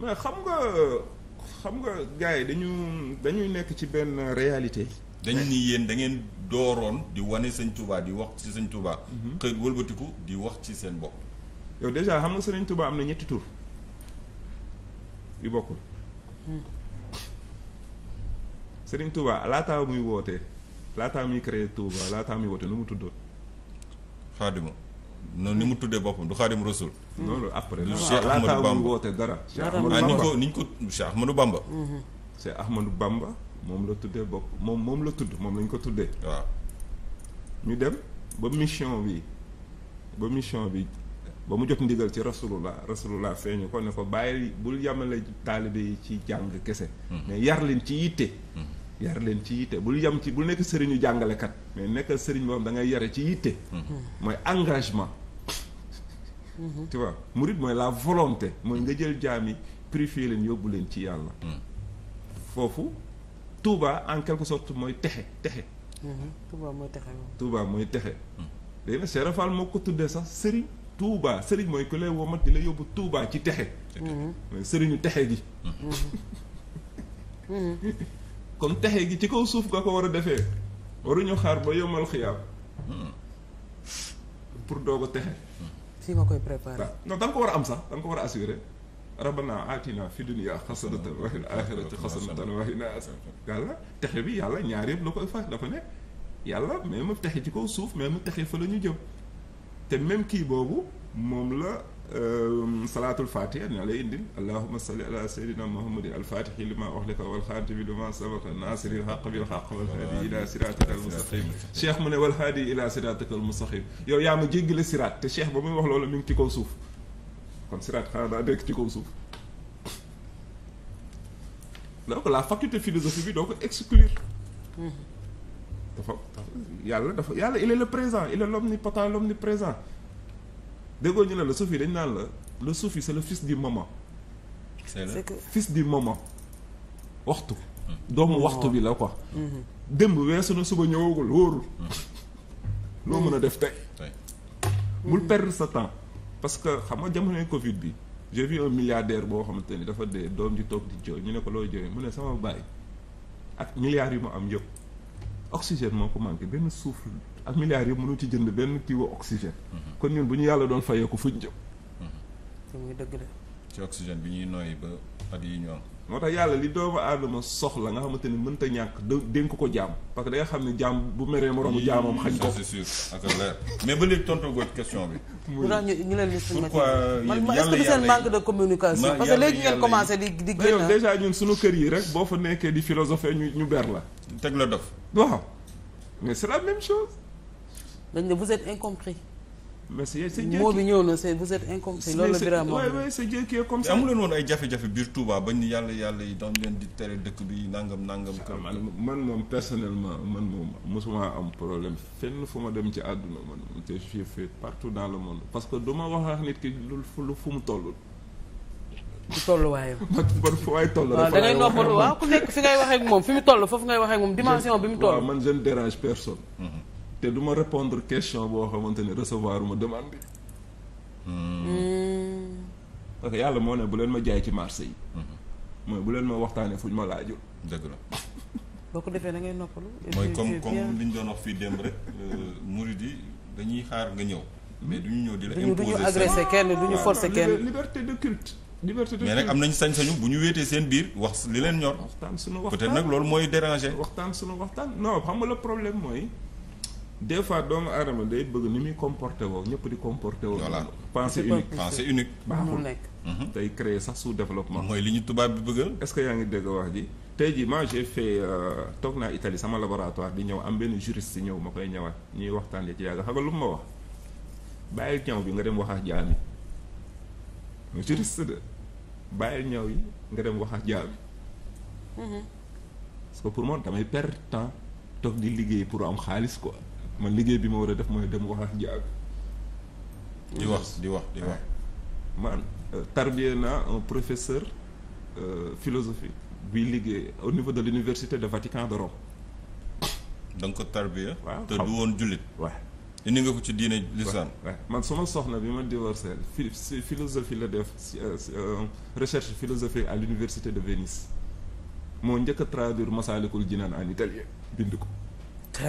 mais xam nga xam nga gars yi dañu dañuy nekk ci benn réalité. dañu ni yéen da ngeen dooroon di wane sëñ Touba di wax ci sañ Touba. Mhm. xëy wëlbatiku di wax ci seen bopp. yow déjà xam nga sëriñ Touba am na ñetti tur yu bokkul. Hmm. sëriñ Touba laataa muy woote laataa muy créer Touba laataa muy wootee nu mu tuddoon. xaadima. noonu ni mu tuddee boppam du xaadim rasul la après du Cheikh Ahmadou Bamba woote dara ah, niñ ko niñ ko Cheikh Ahmadou Bamba mhm. Cheikh Ahmadou Bamba moom la tuddee bopp moom moom la tudd moom lañ ko tuddee waaw ñu dem ba mission bi ba mission bi ba mu jot ndigal ci rasulullah rasulullah feeñu ko ne fo bàyyi bul yamale taalibe yi ci jàng kese mhm. mais yar ci yitte mhm. yar leen ci yitte bul yem ci bul nekk sëriñu jàngalekat mais nekkal sëriñ boo dangay da ngay yare ci yitte. Mm-hmm. mooy engagement. Mm-hmm. tu vois murit mooy la volonté mooy nga jël jaam yi purifier leen yóbbu leen ci yàlla. Mm. foofu Touba en quelque sorte mooy texe texe. Mm-hmm. Touba mooy texe Touba mooy texe. Mm. léegi nag Cheikh Rafal moo ko tuddee sax sëriñ Touba sëriñ mooy ku lay womat di la yóbbu Touba ci texe. mooy sëriñu texe gi. kon texe gi ci kaw suuf nga ko war a defee waruñu xaar ba yomal xiyaam pour doo ko texe. si nga koy préparé. non da nga ko war a am sax da ko war a assuré. rabbana atina fi dunya xasanatan wa fil axirati xasanatan wa qina yàlla texe bi yàlla ñaar yëpp la koy fas dafa ne yàlla mais mu texe ci kaw suuf mais mu texe fa la jëm te même kii boobu moom la. Ehm, salaatul fatiha dina lay la allahuma salli ala sayyidina muhammadin alfaatihi lima uxlika walxaatimi lima sabaqa naasiril xaq bil xaq walhaadi ila siraatika almustaqim cheikh mu ne walhaadi ila siraatika almustaqim yow yaa ma jéggale siraat te cheikh ba muy wax loolu mi ngi ci kaw suuf kon siraat xanaa daa nekk ci kaw suuf donc la faculté philosophie bi doo ko exclure hmm. dafa yàlla dafa yàlla il est le présent il est l'omnipotent l'omniprésent déggoo ñu ne la soufi dañ naan la le soufi c'est le fils du moment. c'est que fils du moment waxtu. Hmm. doomu waxtu bi la quoi. Mm-hmm. démb weesu na suba ñëwagul wóorul. Hmm. loo mën a def tey. bul perdre sa temps parce que xam nga jamonoy Covid bi j'ai vu un milliardaire boo xamante ne dafa dee doom ji toog di jooy ñu ne ko looy jooy mu ne sama baay ak milliards yu ma am yëpp. oxygène moo ko manqué benn suuf ak milliards yëpp mënoo ci jënd benn kii wa kon ñun bu ñu yàlla doon fayeeku ko fuñ jëm. te ci oxygène bi ñuy nooyi ba at yi ñu moo tax yàlla li doomu aadama soxla nga xamante ni mënta ñàkk dénk ko jaam parce que da xam ne jaam bu meree moroomu jaamam xañ ko mais ba léegi tontu goo question bi ñu leen di pourquoi euh, est-ce que seen manque de communication parce que léegi ngeen commencé di di génn déjà ñun suñu kër yi rek boo fa nekkee di philosophé ñu ñu ber la teg la dof waaw mais c'est la même chose dañ ne vous êtes incompris mais c'est moo bi ñëw na c'est vous êtes incompris loolu jafe-jafe biir Touba bañ yàlla yàlla yi leen di tere dëkk bi nangam nangam. man moom personnellement man moom mosuma am problème fenn fu ma dem ci àdduna man te je fais partout dans le monde parce que du ma wax ak nit ki lu fu mu toll. ku tolluwaayam. man man fu fi mu toll foofu ngay waxee ak moom dimension bi mu toll. man je dérange personne. Mm-hmm. te du ma répondre question boo xamante ni recevoir ma demande bi. Hmm. parce que yàlla moo ne bu leen ma jaay ci marché yi. Hmm. mooy bu leen ma waxtaanee fuñ ma laajul. dëgg la. boo ko defee na ngay noppalu. mooy comme comme li ñu doon wax fii dem rek euh, murid yi dañuy xaar nga ñëw. mais du ñu ñëw di la imposer du ñu agressé kenn du ñu forcer kenn. liberté de culte. liberté de culte mais nag am nañ sañ-sañu bu ñu wéetee seen biir wax li leen ñor. waxtaan suñu waxtaan peut loolu mooy déranger. waxtaan suñu waxtaan non xam nga le problème mooy. des fois doomu aadama day bëgg ni muy comporté woo ñëpp di comporté woo. panse pensée unique pensée unique. baaxul tey mhm. créer sax su developpement mooy li ñu tubaab bi bëggal. est-ce que yaa ngi dégg wax ji tey jii moi j'ai fait euh, toog naa Italie sama laboratoire di ñëw am benn juriste ñëw ma koy ñëwaat ñuy waxtaanee ci yàgg xam nga lu ma wax bàyyil ñaw bi nga dem wax ak jaami juriste de bàyyil ñaw yi nga dem wax ak jaami. Mhm. parce pour moi damay perdre temps toog di liggéey pour am xaalis quoi. man liggéey bi ma war a def mooy dem wax ji ak di wax di wax di wax man euh, tarbier naa un professeur euh, philosophie buy liggéey au niveau de l'université de Vatican de Rome da nga ko tarbiya waaw te du woon jullit waaw indi nga ko ci diine lisaan man suma soxna bi ma divorcé philosophie la def euh, euh, recherche philosophique à l'université de Venise moo njëkk a traduire Masaalikul Jinaan en italien bind ko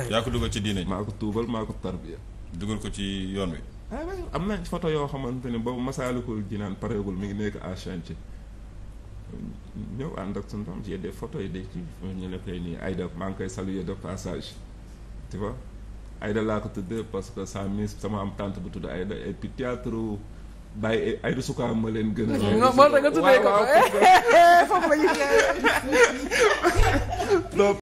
yaa ko dugal ci diine maa ko tuubal maa ko tarbiya dugal ko ci yoon wi ah, am na photo yoo xamante ne boobu masaalikul naan pareegul mi ngi nekk à chantier ñëw ànd ak suñu doom j'ai des photos yi de ci ñu la koy maa ngi koy saluer de passage tu vois Aïda laa ko tuddee parce que sa miss sama am tante bu tudd Aïda et puis théâtre bàyyi Aïda Souka ma leen gën a moo tax nga tuddee ko